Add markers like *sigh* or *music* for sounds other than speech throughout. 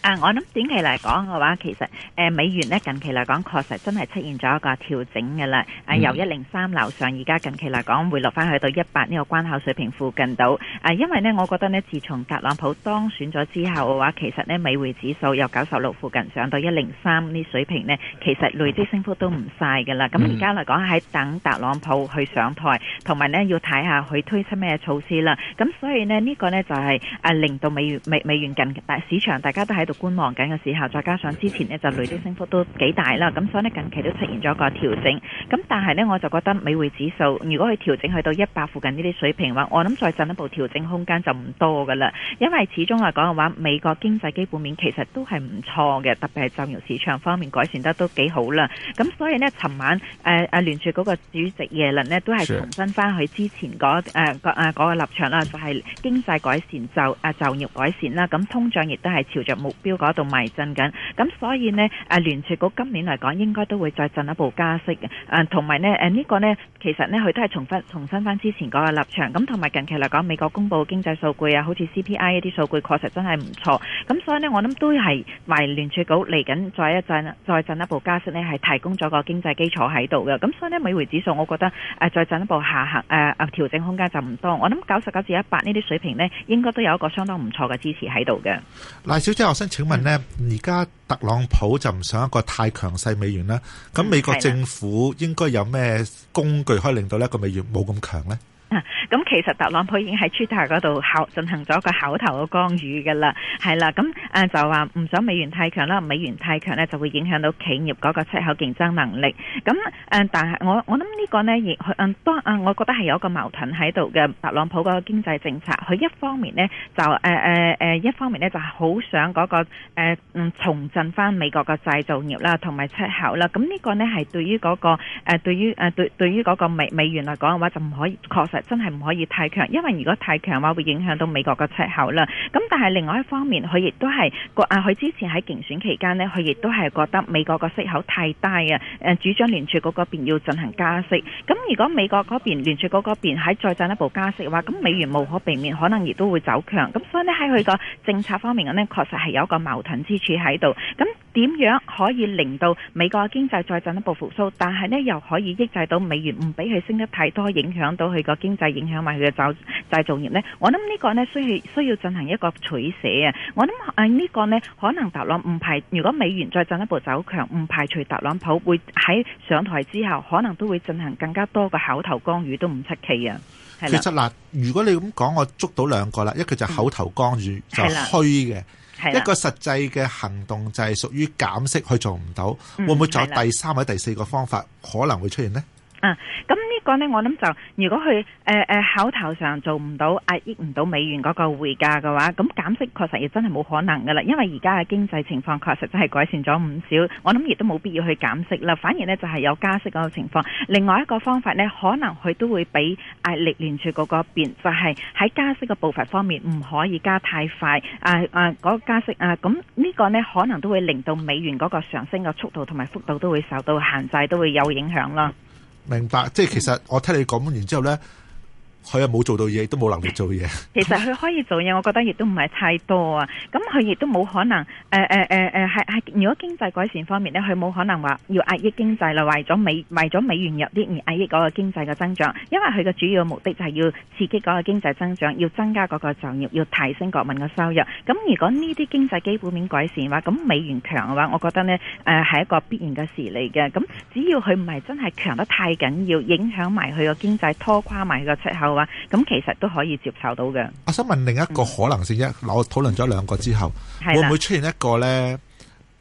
啊，我諗短期嚟講嘅話，其實誒、呃、美元咧近期嚟講確實真係出現咗一個調整㗎喇。啊，由一零三樓上，而家近期嚟講回落返去到一百呢個關口水平附近度。啊，因為呢，我覺得呢，自從特朗普當選咗之後嘅話、啊，其實呢美匯指數由九十六附近上到一零三呢水平呢，其實累積升幅都唔細㗎喇。咁而家嚟講喺等特朗普去上台，同埋呢要睇下佢推出咩措施啦。咁所以呢，呢、這個呢就係、是、啊令到美元美美元近大市場大家都喺。觀望緊嘅時候，再加上之前咧就累積升幅都幾大啦，咁所以咧，近期都出現咗個調整。咁但係咧，我就覺得美匯指數如果佢調整去到一百附近呢啲水平嘅話，我諗再進一步調整空間就唔多噶啦。因為始終嚟講嘅話，美國經濟基本面其實都係唔錯嘅，特別係就業市場方面改善得都幾好啦。咁所以咧，尋晚誒誒聯儲局嗰個主席耶倫咧，都係重申翻佢之前嗰誒個誒嗰個立場啦，就係經濟改善就誒就業改善啦。咁通脹亦都係朝着目標嗰度邁進緊。咁所以咧，誒聯儲局今年嚟講應該都會再進一步加息嘅。同埋呢誒呢、這個呢，其實呢，佢都係重複重新翻之前嗰個立場。咁同埋近期嚟講，美國公布經濟數據啊，好似 CPI 一啲數據確實真係唔錯。咁所以呢，我諗都係為聯儲局嚟緊再一陣再進一步加息呢，係提供咗個經濟基礎喺度嘅。咁所以呢，美匯指數我覺得再進一步下行誒誒調整空間就唔多。我諗九十九至一百呢啲水平呢，應該都有一個相當唔錯嘅支持喺度嘅。賴小姐，我想請問呢，而、嗯、家？特朗普就唔想一個太強勢美元啦，咁美國政府應該有咩工具可以令到呢一個美元冇咁強呢？咁、啊嗯、其實特朗普已經喺 Twitter 嗰度口進行咗一個口頭嘅干預嘅啦，係啦，咁、嗯、啊就話唔想美元太強啦，美元太強咧就會影響到企業嗰個出口競爭能力。咁、嗯、誒，但係我我諗呢個呢，亦誒，當、嗯、我覺得係有一個矛盾喺度嘅。特朗普嗰個經濟政策，佢一方面呢就誒誒誒，一方面呢就好想嗰、那個嗯、呃、重振翻美國嘅製造業啦，同埋出口啦。咁、這、呢個呢係對於嗰、那個誒、呃、對於誒對、呃、對於嗰個美美元嚟講嘅話，就唔可以確實。真係唔可以太強，因為如果太強嘅話，會影響到美國個出口啦。咁但係另外一方面，佢亦都係，佢之前喺競選期間呢，佢亦都係覺得美國個息口太低啊。誒，主張聯儲局嗰邊要進行加息。咁如果美國嗰邊聯儲局嗰邊喺再進一步加息嘅話，咁美元無可避免可能亦都會走強。咁所以呢，喺佢個政策方面呢，確實係有一個矛盾之處喺度。咁點樣可以令到美國的經濟再進一步復甦，但係呢，又可以抑制到美元唔俾佢升得太多，影響到佢個經濟，影響埋佢嘅製造業呢。我諗呢個呢，需係需要進行一個取捨啊！我諗誒呢個呢，可能特朗普唔排，如果美元再進一步走強，唔排除特朗普會喺上台之後，可能都會進行更加多嘅口頭講語都唔出奇啊！其實嗱，如果你咁講，我捉到兩個啦，嗯，一佢就口頭干預就虛嘅，一個實際嘅行動就係屬於減息去做唔到，嗯、會唔會仲有第三或者第四個方法可能會出現呢？啊，咁呢個咧，我諗就如果佢誒誒口頭上做唔到壓抑唔到美元嗰個匯價嘅話，咁減息確實亦真係冇可能噶啦，因為而家嘅經濟情況確實真係改善咗唔少，我諗亦都冇必要去減息啦，反而咧就係有加息嗰個情況。另外一個方法咧，可能佢都會俾壓力聯儲嗰個邊，就係喺加息嘅步伐方面唔可以加太快。啊啊，嗰個加息啊，咁呢個咧可能都會令到美元嗰個上升嘅速度同埋幅度都會受到限制，都會有影響咯。明白，即係其實我聽你講完之後咧。佢啊，冇做到嘢，都冇能力做嘢。其實佢可以做嘢，我覺得亦都唔係太多啊。咁佢亦都冇可能，誒誒誒誒，係、呃、係、呃。如果經濟改善方面咧，佢冇可能話要壓抑經濟啦，為咗美為咗美元入啲而壓抑嗰個經濟嘅增長。因為佢嘅主要目的就係要刺激嗰個經濟增長，要增加嗰個就業，要提升國民嘅收入。咁如果呢啲經濟基本面改善嘅話，咁美元強嘅話，我覺得呢誒係、呃、一個必然嘅事嚟嘅。咁只要佢唔係真係強得太緊要，影響埋佢個經濟，拖垮埋個出口。咁其實都可以接受到嘅。我想問另一個可能性、嗯、我討論咗兩個之後，會唔會出現一個呢？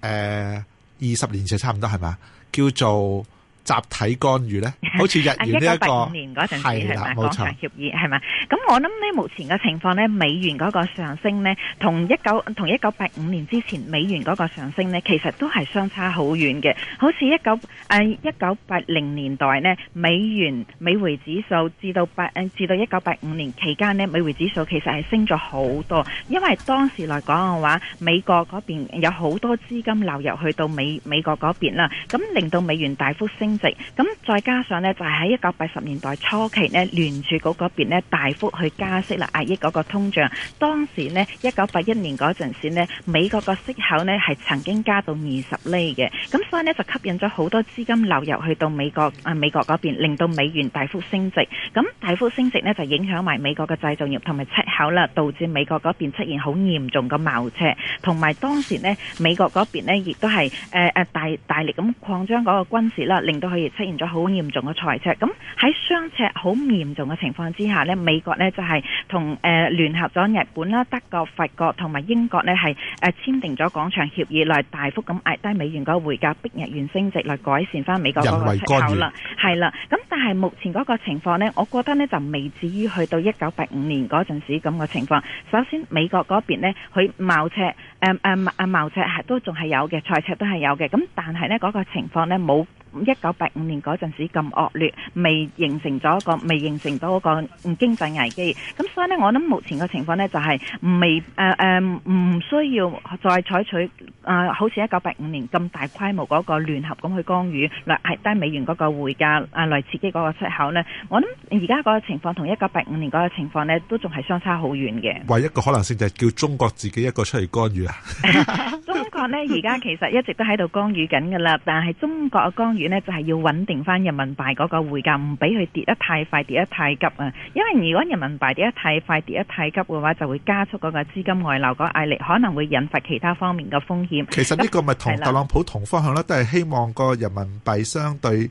誒、呃，二十年前差唔多係咪叫做，集體干預咧，好似日元呢，一九八五年嗰陣時係啦，冇錯。廣場協議係嘛，咁我諗咧，目前嘅情況咧，美元嗰個上升咧，同一九同一九八五年之前美元嗰個上升咧，其實都係相差好遠嘅。好似一九誒一九八零年代咧，美元美匯指數至到八誒至到一九八五年期間咧，美匯指數其實係升咗好多，因為當時嚟講嘅話，美國嗰邊有好多資金流入去到美美國嗰邊啦，咁令到美元大幅升。咁再加上呢，就喺一九八十年代初期呢，聯儲局嗰邊呢，大幅去加息啦，壓抑嗰個通脹。當時呢，一九八一年嗰陣時呢，美國個息口呢係曾經加到二十厘嘅，咁所以呢就吸引咗好多資金流入去到美國啊美國嗰邊，令到美元大幅升值。咁大幅升值呢就影響埋美國嘅製造業同埋出口啦，導致美國嗰邊出現好嚴重嘅貿赤。同埋當時呢美國嗰邊呢亦都係誒誒大大力咁擴張嗰個軍事啦，令到佢出現咗好嚴重嘅財赤，咁喺雙赤好嚴重嘅情況之下咧，美國咧就係同誒聯合咗日本啦、德國、法國同埋英國咧，係誒簽訂咗廣場協議，嚟大幅咁壓低美元嗰個匯價，逼日元升值，嚟改善翻美國嗰個出口啦。係啦，咁但係目前嗰個情況咧，我覺得咧就未至於去到一九八五年嗰陣時咁嘅情況。首先美國嗰邊咧佢貿赤誒誒啊貿赤係都仲係有嘅，財赤都係有嘅。咁但係咧嗰個情況咧冇一九八五年嗰陣時咁惡劣，未形成咗一個，未形成到一個經濟危機。咁所以呢，我諗目前嘅情況呢就係唔未誒誒，唔需要再採取誒，好似一九八五年咁大規模嗰個聯合咁去干預，嚟係低美元嗰個匯價啊，來刺激嗰個出口呢。我諗而家嗰個情況同一九八五年嗰個情況呢，都仲係相差好遠嘅。唯一個可能性就係叫中國自己一個出嚟干預啊！中國呢而家其實一直都喺度干預緊㗎啦，但係中國嘅干咧就係、是、要穩定翻人民幣嗰個匯價，唔俾佢跌得太快，跌得太急啊！因為如果人民幣跌得太快，跌得太急嘅話，就會加速嗰個資金外流嗰壓力，可能會引發其他方面嘅風險。其實呢個咪同特朗普同方向咯，都係希望個人民幣相對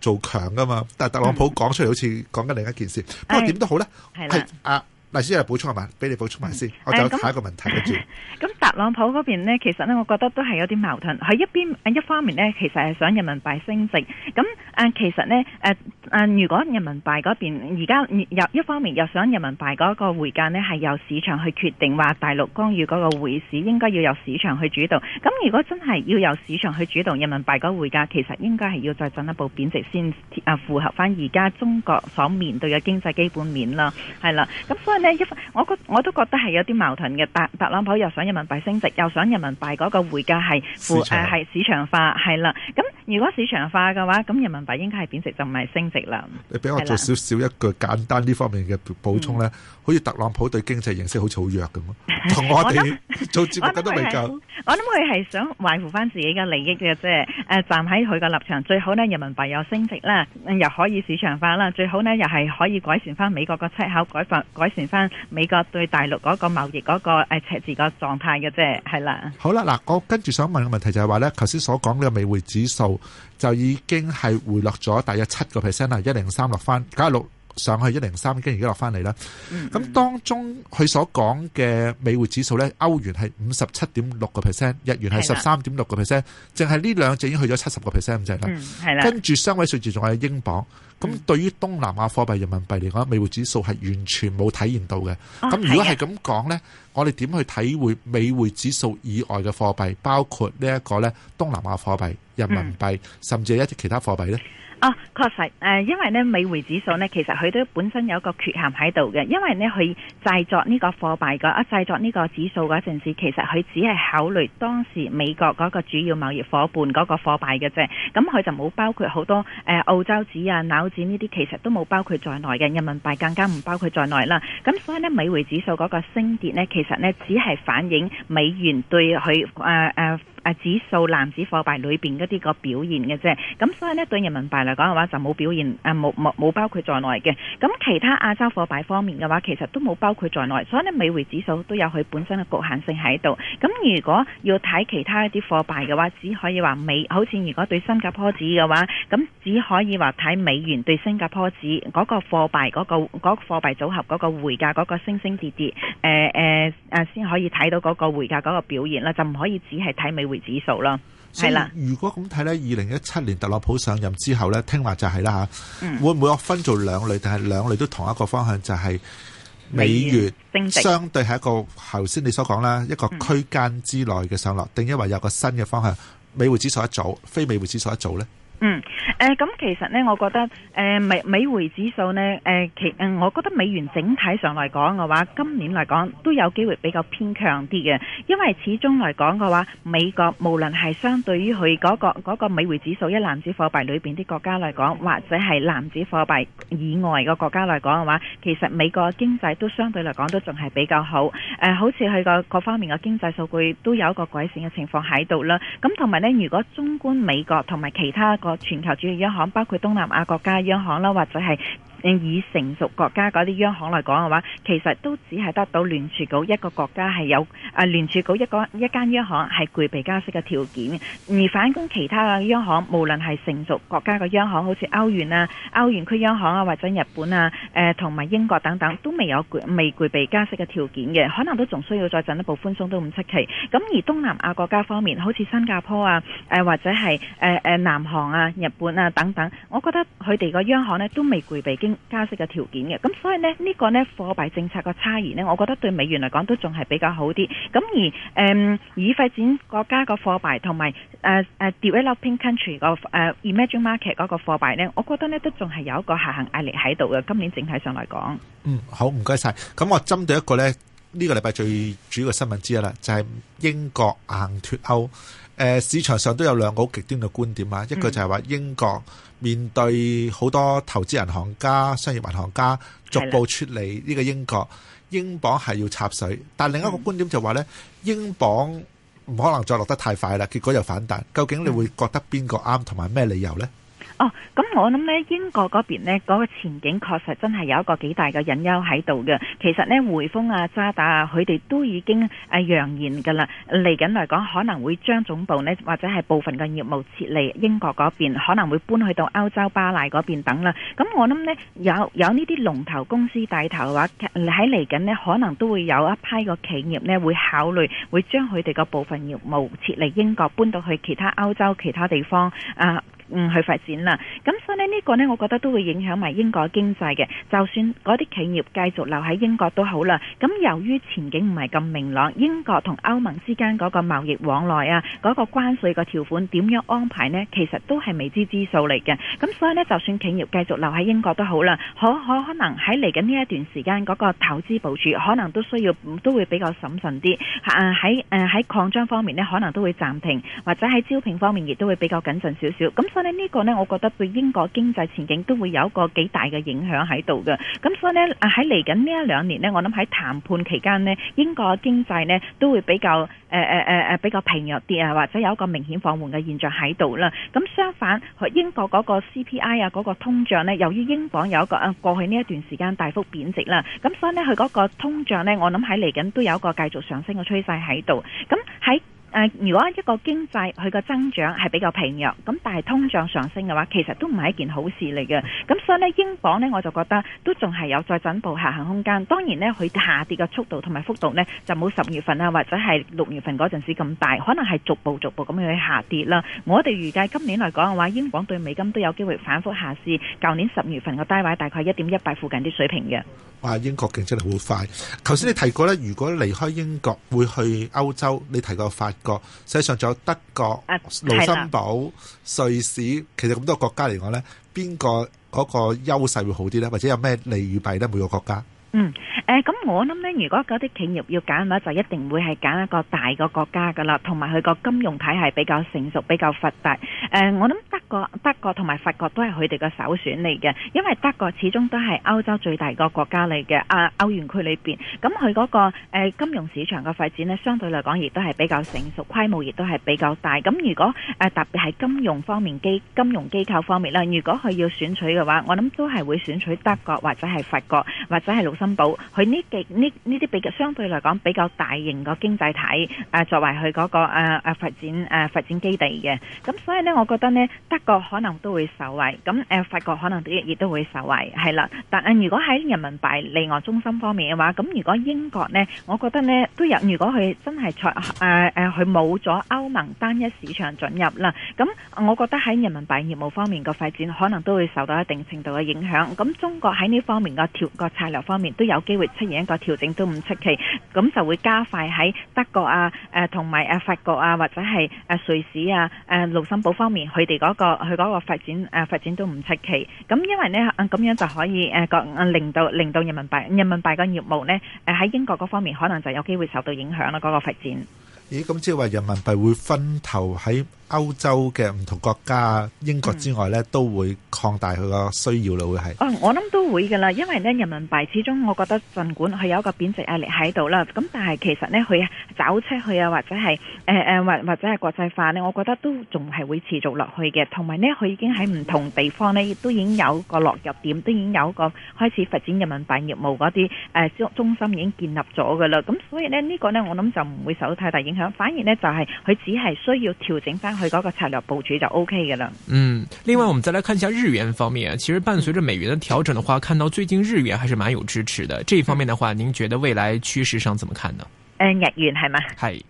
做強噶嘛。但係特朗普講出嚟好似講緊另一件事，嗯、不過點都好咧，係啊。嗱，先嚟補充下，埋，俾你補充埋先。我就下一個問題。咁、嗯嗯嗯嗯嗯、特朗普嗰邊咧，其實呢，我覺得都係有啲矛盾。佢一邊一方面呢，其實係想人民幣升值。咁、嗯、誒，其實呢，誒、呃、誒，如果人民幣嗰邊而家又一方面又想人民幣嗰個匯價咧係由市場去決定，話大陸幹預嗰個匯市應該要由市場去主導。咁、嗯、如果真係要由市場去主動，人民幣嗰個匯價其實應該係要再進一步貶值先符合翻而家中國所面對嘅經濟基本面啦。係啦，咁所以。嗯嗯嗯嗯我覺我都覺得係有啲矛盾嘅。特特朗普又想人民幣升值，又想人民幣嗰個匯價係附市場化，係、啊、啦。咁如果市場化嘅話，咁人民幣應該係貶值就唔係升值啦。你俾我做少少一句簡單呢方面嘅補充咧、嗯，好似特朗普對經濟認識好似好弱咁同我哋做節目過覺未夠。 *laughs* 我諗佢係想維護翻自己嘅利益嘅，啫。係站喺佢嘅立場，最好呢人民幣又升值啦，又可以市場化啦，最好呢又係可以改善翻美國個出口，改善改善。翻美國對大陸嗰個貿易嗰、那個誒、呃、赤字個狀態嘅啫，係啦。好啦，嗱，我跟住想問嘅問題就係話咧，頭先所講呢個美匯指數就已經係回落咗大約七個 percent 啦，一零三落翻九十六。上去一零三跟住而家落翻嚟啦。咁當中佢所講嘅美匯指數咧，歐元係五十七點六個 percent，日元係十三點六個 percent，淨係呢兩隻已經去咗七十個 percent 咁滯啦。嗯，係啦。跟住雙位數字仲係英鎊。咁對於東南亞貨幣人民幣嚟講，美匯指數係完全冇體現到嘅。咁如果係咁講咧，我哋點去體會美匯指數以外嘅貨幣，包括呢一個咧東南亞貨幣人民幣，甚至係一啲其他貨幣咧？哦，確實，誒、呃，因為咧美匯指數咧，其實佢都本身有一個缺陷喺度嘅，因為咧佢製作呢個貨幣嘅，啊製作呢個指數嗰陣時，其實佢只係考慮當時美國嗰個主要貿易夥伴嗰個貨幣嘅啫，咁、嗯、佢就冇包括好多誒、呃、澳洲紙啊、紐紙呢啲，其實都冇包括在內嘅，人民幣更加唔包括在內啦，咁所以咧美匯指數嗰個升跌咧，其實咧只係反映美元對佢誒誒。呃呃啊、指數籃子貨幣裏面嗰啲個表現嘅啫，咁所以呢，對人民幣嚟講嘅話就冇表現，啊冇冇冇包括在內嘅，咁其他亞洲貨幣方面嘅話其實都冇包括在內，所以呢，美匯指數都有佢本身嘅局限性喺度。咁如果要睇其他一啲貨幣嘅話，只可以話美，好似如果對新加坡紙嘅話，咁只可以話睇美元對新加坡紙嗰個貨幣嗰個嗰個貨幣組合嗰個匯價嗰個升升跌跌，呃呃先可以睇到嗰個匯價嗰個表現啦，就唔可以只係睇美匯。指數啦，係啦。如果咁睇呢，二零一七年特朗普上任之後呢，聽話就係啦吓，會唔會我分做兩類？但係兩類都同一個方向，就係、是、美元相對係一個頭先你所講啦，一個區間之內嘅上落，定抑或有一個新嘅方向？美匯指數一組，非美匯指數一組呢？嗯，誒，咁其實咧，我覺得，誒美美匯指數咧，誒其，誒我覺得美元整體上嚟講嘅話，今年嚟講都有機會比較偏強啲嘅，因為始終嚟講嘅話，美國無論係相對於佢嗰個嗰個美匯指數一籃子貨幣裏邊啲國家嚟講，或者係籃子貨幣以外嘅國家嚟講嘅話，其實美國經濟都相對嚟講都仲係比較好，誒，好似佢個各方面嘅經濟數據都有一個改善嘅情況喺度啦，咁同埋咧，如果中觀美國同埋其他個。全球主要央行，包括東南亞國家央行啦，或者係，以成熟國家嗰啲央行嚟講嘅話，其實都只係得到聯儲局一個國家係有，啊聯儲局一個一間央行係具備加息嘅條件。而反觀其他嘅央行，無論係成熟國家嘅央行，好似歐元啊、歐元區央行啊，或者日本啊、呃、同埋英國等等，都未有具未具備加息嘅條件嘅，可能都仲需要再進一步寬鬆都唔出奇。咁而東南亞國家方面，好似新加坡啊、呃、或者係、呃、南韓啊、日本啊等等，我覺得佢哋個央行咧都未具備經。加息嘅條件嘅咁，所以咧呢、呢個咧貨幣政策個差異呢，我覺得對美元嚟講都仲係比較好啲。咁而誒已發展國家貨、uh, uh, 個貨幣同埋誒誒 developing country 個誒 emerging market 嗰個貨幣咧，我覺得呢都仲係有一個下行壓力喺度嘅。今年整體上嚟講，嗯，好唔該晒。咁我針對一個咧呢、呢個禮拜最主要嘅新聞之一啦，就係、是、英國硬脫歐。市場上都有兩個極端嘅觀點啊，嗯、一個就係話英國面對好多投資銀行家、商業銀行家逐步出離呢個英國，是英鎊係要插水。但另一個觀點就話呢、嗯、英鎊唔可能再落得太快啦，結果又反彈。究竟你會覺得邊個啱同埋咩理由呢？哦，咁我諗呢英國嗰邊呢，嗰個前景確實真係有一個幾大嘅隱憂喺度嘅。其實呢，匯豐啊、渣打啊，佢哋都已經誒揚言噶啦。嚟緊嚟講，可能會將總部呢，或者係部分嘅業務撤離英國嗰邊，可能會搬去到歐洲巴黎嗰邊等啦。咁我諗呢，有有呢啲龍頭公司帶頭嘅話，喺嚟緊呢，可能都會有一批個企業呢會考慮會將佢哋個部分業務撤離英國，搬到去其他歐洲其他地方啊。嗯，去發展啦，咁所以呢，呢個呢，我覺得都會影響埋英國經濟嘅。就算嗰啲企業繼續留喺英國都好啦，咁由於前景唔係咁明朗，英國同歐盟之間嗰個貿易往來啊，嗰個關稅個條款點樣安排呢？其實都係未知之數嚟嘅。咁所以呢，就算企業繼續留喺英國都好啦，可可，可能喺嚟緊呢一段時間嗰個投資部署，可能都需要都會比較審慎啲。喺誒喺擴張方面呢，可能都會暫停，或者喺招聘方面亦都會比較謹慎少少。咁所以呢個呢，我覺得對英國經濟前景都會有一個幾大嘅影響喺度嘅。咁所以呢，喺嚟緊呢一兩年呢，我諗喺談判期間呢，英國經濟呢都會比較誒誒誒誒比較疲弱啲啊，或者有一個明顯放緩嘅現象喺度啦。咁相反，英國嗰個 CPI 啊，嗰個通脹呢，由於英鎊有一個啊過去呢一段時間大幅貶值啦，咁所以呢，佢嗰個通脹呢，我諗喺嚟緊都有一個繼續上升嘅趨勢喺度。咁喺誒，如果一個經濟佢個增長係比較平弱，咁但係通脹上升嘅話，其實都唔係一件好事嚟嘅。咁所以呢，英鎊呢，我就覺得都仲係有再進步下行空間。當然呢，佢下跌嘅速度同埋幅度呢，就冇十月份啊或者係六月份嗰陣時咁大，可能係逐步逐步咁樣去下跌啦。我哋預計今年嚟講嘅話，英鎊對美金都有機會反覆下市。舊年十月份嘅低位大概一點一八附近啲水平嘅。哇！英國競爭力好快。頭先你提過呢，如果離開英國會去歐洲，你提過法國，世界上仲有德國、盧森堡、瑞士，其實咁多個國家嚟講咧，邊個嗰個優勢會好啲咧？或者有咩利與弊咧？每個國家？嗯，誒、呃，咁我諗咧，如果嗰啲企業要揀嘅話，就一定會係揀一個大個國家噶啦，同埋佢個金融體系比較成熟、比較發達誒，我諗德國德國同埋法國都係佢哋嘅首選嚟嘅。因為德國始終都係歐洲最大個國家嚟嘅，啊，歐元區裏邊，咁佢嗰個誒、呃、金融市場嘅發展咧，相對嚟講亦都係比較成熟，規模亦都係比較大。咁如果誒、呃、特別係金融方面機金融機構方面咧，如果佢要選取嘅話，我諗都係會選取德國或者係法國或者係魯。金寶佢呢幾呢呢啲比較相對嚟講比較大型個經濟體，誒作為佢嗰個誒誒發展誒發展基地嘅。咁所以咧，我覺得咧德國可能都會受惠，咁誒法國可能亦亦都會受惠，係啦。但係如果喺人民幣離岸中心方面嘅話，咁如果英國咧，我覺得咧都有。如果佢真係在誒誒佢冇咗歐盟單一市場准入啦，咁我覺得喺人民幣業務方面個發展可能都會受到一定程度嘅影響。咁中國喺呢方面個調個策略方面都有機會出現一個調整都唔出奇，咁就會加快喺德國啊、誒同埋啊法國啊或者係誒瑞士啊、誒盧森堡方面佢哋嗰個佢嗰個發展誒發展都唔出奇，咁因為咧咁樣就可以誒令到令到人民幣人民幣嘅業務咧誒喺英國嗰方面可能就係有機會受到影響啦，嗰個發展。咦，咁即係話人民幣會分頭喺？歐洲嘅唔同國家，英國之外呢，都會擴大佢個需要咯會係去嗰個策略部署就 OK 嘅啦。嗯，另外我們再來看一下日元方面，其實伴隨着美元的調整的話，看到最近日元還是蠻有支持的。這一方面的話，您覺得未來趨勢上怎麼看呢？誒、嗯，日元係嘛？係。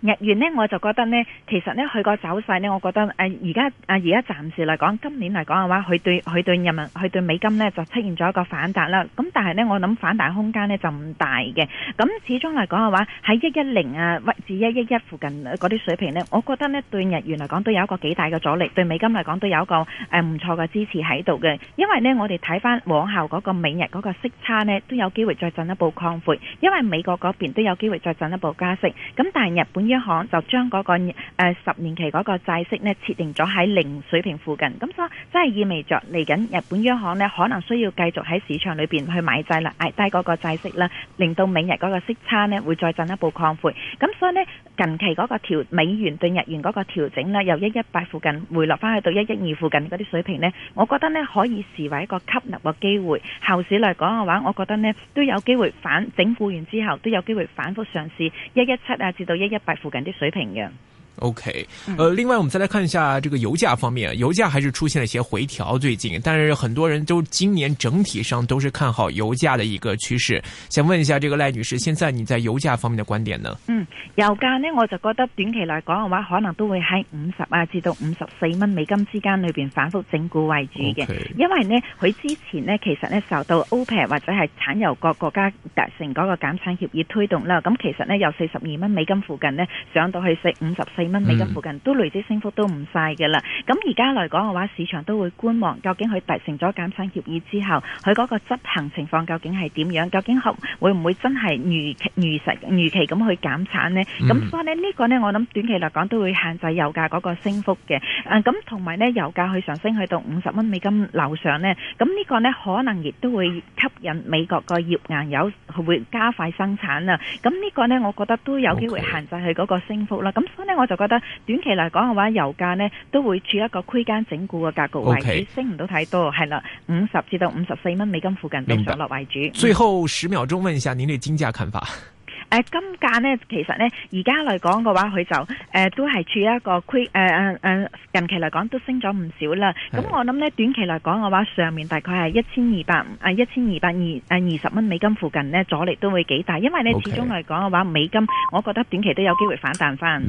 日元呢，我就覺得呢，其實呢佢個走勢呢，我覺得誒而家啊而家暫時嚟講，今年嚟講嘅話，佢對佢對人民佢對美金呢就出現咗一個反彈啦。咁但係呢，我諗反彈空間呢就唔大嘅。咁始終嚟講嘅話，喺一一零啊，或者一一一附近嗰啲水平呢，我覺得呢對日元嚟講都有一個幾大嘅阻力，對美金嚟講都有一個誒唔錯嘅支持喺度嘅。因為呢，我哋睇翻往後嗰個美日嗰個息差呢，都有機會再進一步擴闊，因為美國嗰邊都有機會再進一步加息。咁但係，日本央行就將嗰、嗰個、呃、十年期嗰個債息呢設定咗喺零水平附近，咁所以真係意味着嚟緊日本央行呢，可能需要繼續喺市場裏邊去買債啦，壓低嗰個債息啦，令到美日嗰個息差呢會再進一步擴闊。咁所以呢，近期嗰個調美元對日元嗰個調整呢，由一一八附近回落翻去到一一二附近嗰啲水平呢，我覺得呢可以視為一個吸納嘅機會。後市嚟講嘅話，我覺得呢都有機會反整固完之後都有機會反覆上試一一七啊至到一一百附近的水平嘅。OK，呃，另外我們再來看一下這個油價方面，油價還是出現了一些回調最近，但是很多人都今年整體上都是看好油價的一個趨勢。想問一下，這個賴女士，現在你在油價方面的觀點呢？嗯，油價呢我就覺得短期來講嘅話，可能都會喺五十啊至到五十四蚊美金之間裏邊反復整固為主嘅，okay. 因為呢佢之前呢其實呢受到歐佩或者係產油國國家達成嗰個減產協議推動啦，咁、嗯、其實呢由四十二蚊美金附近呢上到去四五十四。五蚊美金附近都累積升幅都唔細嘅啦。咁而家嚟講嘅話，市場都會觀望究竟佢達成咗減產協議之後，佢嗰個執行情況究竟係點樣？究竟可會唔會真係如期如實如期咁去減產咧？咁所以咧呢個咧，我諗短期嚟講都會限制油價嗰個升幅嘅。誒咁同埋咧，油價去上升去到五十蚊美金樓上咧，咁呢個咧可能亦都會吸引美國個頁岩油佢會加快生產啊。咁呢個咧，我覺得都有機會限制佢嗰個升幅啦。咁所以咧，我就。我覺得短期嚟講嘅話，油價咧都會處一個區間整固嘅格局為主，okay. 升唔到太多，係啦，五十至到五十四蚊美金附近都上落為主，嗯。最後十秒鐘，問一下您對金價看法。誒、呃，金價呢，其實呢，而家嚟講嘅話，佢就誒、呃、都係處一個區，誒誒誒，近期嚟講都升咗唔少啦。咁我諗呢，短期嚟講嘅話，上面大概係一千二百誒一千二百二誒二十蚊美金附近呢，阻力都會幾大，因為呢，okay. 始終嚟講嘅話，美金我覺得短期都有機會反彈返。